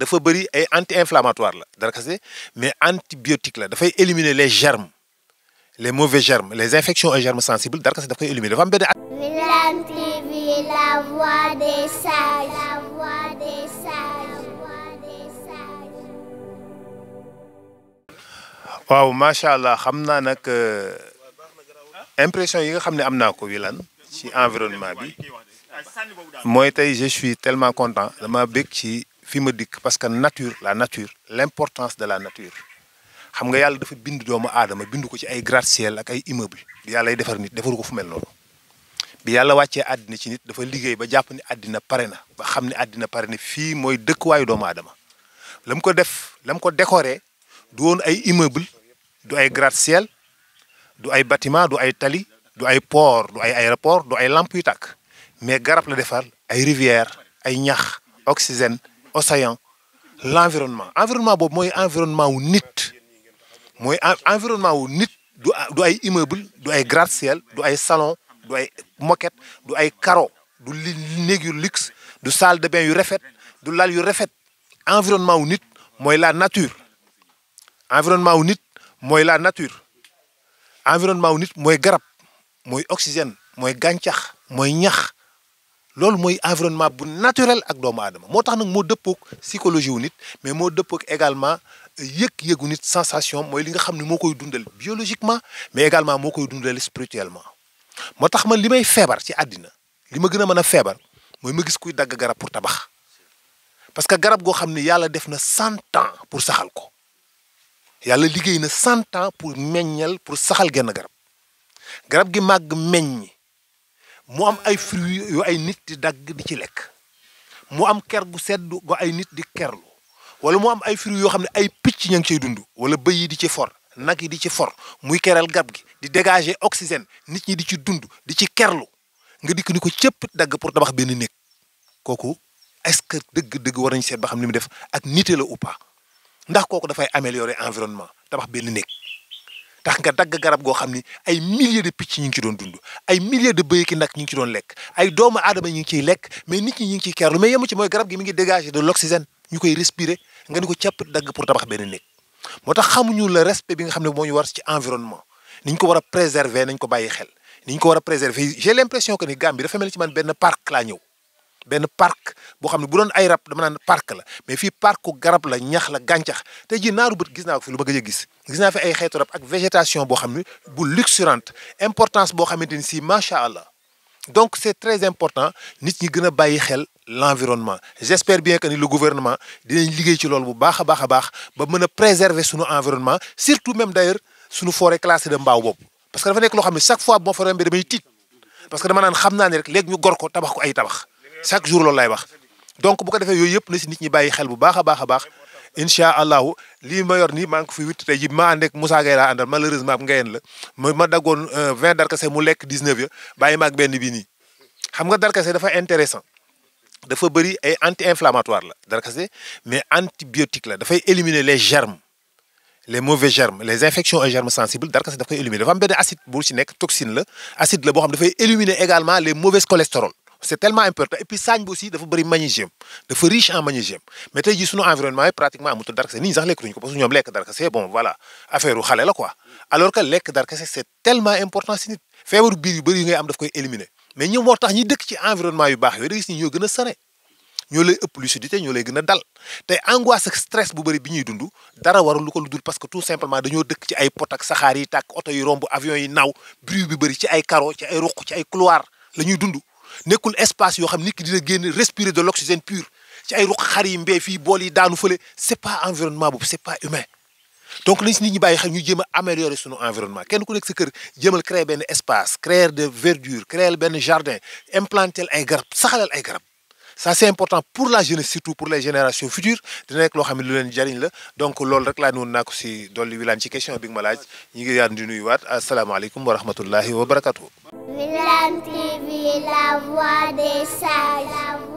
dafa bëri ay anti inflammatoire la dara kase mais antibiotique la dafay éliminer les germes les mauvais germes les infections aux germes sensibles dara kase daf koy éliminer dafa am benn. Wilane TV la voix des sages la voix des sages waaw macha allah xam naa nag euh, impression yi nga xam ne am naa ko ci environnement bi mooy tey je suis tellement content dama bég ci fi ma parce que nature la nature l'importance de la nature xam nga yalla dafa bind doomu adama bind ko ci ay gratte-ciel ak ay immeuble yalla ay defar nit defaru ko fu mel noonu bi yalla wacce adina ci nit dafa liggéey ba japp ni adina pare na ba xam ne àddina pare na fii mooy dëkkuwaayu doomu aadama la ko def lam ko décoré du won ay immeuble du ay gratte-ciel du ay bâtiment du ay tali du ay port du ay aéroport du ay lamp yu tàkk mais garap la defar ay rivière ay ñax oxygène océan l'environnement environnement boobu environnement ou nit Moi, environnement ou nit doit immeuble doit ay gratte-ciel doit ay salon doit ay moquette doit ay carreau du luxe du salle de bain yu rafet du lal yu environnement ou nit la nature environnement ou nit la nature environnement ou nit moi grappe, moi oxygène moi gàncax moi nyach loolu mooy environnement bu naturel ak doomu aadama moo tax nag moo dëppook psychologie wu nit mais moo dëppook également euh, yëg-yëgu nit sensation mooy li nga xam ne moo koy dundal biologiquement mais également moo koy dundal spirituellement moo tax man li may feebar ci àddina li ma gën a mën a feebar mooy ma gis kuy dagg garab pour tabax parce que garab goo xam ne yàlla def na cent ans pour saxal ko yàlla liggéey na cent ans pour meññal pour saxal genn garab garab gi màgg meññ mu am ay fruits yu ay nit di dagg di ci mu am ker gu ay nit am fruits yoo xam ay picc ngi dund wala bëy yi di ci for nag yi di ci for muy keral gi di dégager oxygène nit ñi di ci dund di ci kerlu nga dikk ni ko cëpp dagg pour tabax est-ce que dëgg-dëgg war nañ seet ba xam ni mu def ak ou pas ndax améliorer environnement tabax tax nga dagg garab goo xam ni ay milliers de picc ñu ngi ci doon dund ay milliers de bëy ki nag ñu ngi ci doon lekk ay doomu aadama ñu ngi ciy lekk mais nit ñi ñu ngi ciy kerlu mais yemu ci mooy garab gi mi ngi dégager de l'oxygène ñu koy respirer nga ni ko càpp dagg pour tabax benn néeg moo tax xamuñu le respect bi nga xam ne moo ñu war ci environnement niñ ko war a préserver nañ ko bàyyi xel niñ ko war a préserver j'ai l'impression que ni Gambie dafa mel laa ñëw ben parc bo xamni bu done ay rap dama nan park la mais fi parcu garab la ñax la gantax te ji naru bët gis na ko fi lu bëgg a gis gis na fi ay xeetu rap ak végétation bo xamni bu luxurante importance bo xamante ni si macha allah donc c'est très important nit ñi gëna bayyi xel l'environnement j'espère bien que ni le gouvernement dinañ liggéey ci lool bu baaxa baaxa baax ba mëna préserver suñu environnement surtout même d'ailleurs, suñu forêt classée de mbaaw boobu parce que dafa nek lo xamni chaque fois bon forêt fa rombee damay tiit parce que dama nan xamna ni rek léegi ñu gor ko tabax ko ay tabax chaque jour loolu lay wax donc bu ko defee yooyu yëpp na si nit ñi bayyi xel bu baaxa baaxa baax insha allah li ma yor ni maa ko fi witt tay yi ma ànd ak Moussa Gueye laa àndal malheureusement ab la ma ma daggoon 20 euh, darkase mu lek 19 ya bàyyi maag benn bi ni xam nga darkase dafa intéressant dafa bëri ay anti inflammatoire la darkase mais antibiotique la fay éliminer les germes les mauvais germes les infections et germes sensibles darkase da fay éliminer dafa am benn acide bu ci nek toxine la acide la bo xam fay éliminer également les mauvais cholestérol c'est tellement important et puis ça bi aussi dafa bari magnésium dafa riche en magnésium mais tay jii suñu environnement pratiquement amutul dark c'est ni sax lekk ko parce que ñom lek dara c'est bon voilà affaireu xalé la quoi alors que lek dara c'est tellement important si nit feebaru biir yu bari yu ngay am daf koy éliminer mais ñoom motax ñi dëkk ci environnement yu bax yooyu da gis ni ñoo gëna a sane ñoo lay ëpp lucidité ñoo lay gën dal tay angoisse ak stress bu bari bi ñuy dund dara warul lu ko parce que tout simplement dañoo dëkk ci ay pot ak saxaar yi tak auto yi rombu avion yi naw bruit bi bari ci ay carreaux ci ay ruq ci ay couloir la ñuy nekul espace yo xam nit ki dina génn respirer de l'oxygène pur ci ay ruq xar yi mbee fii bool yi daanu fële c'est pas environnement boobu c'est pas humain donc nañ si nit ñi bàyyi xel ñu jéem a améliorer suñu environnement kenn ku nekk sa kër jéemal créer benn espace créer de verdure créer benn jardin implanter ay garab saxalal ay garab ça c'est important pour la jeunesse surtout pour les générations futures dina nek lo xamni lu len jariñ la donc lool rek la noonu naa ci doli wilane ci question bi nga ma laaj ñu ngi yaan di nuyuwaat wa rahmatullahi wa barakatou Wilane TV la voix des sages.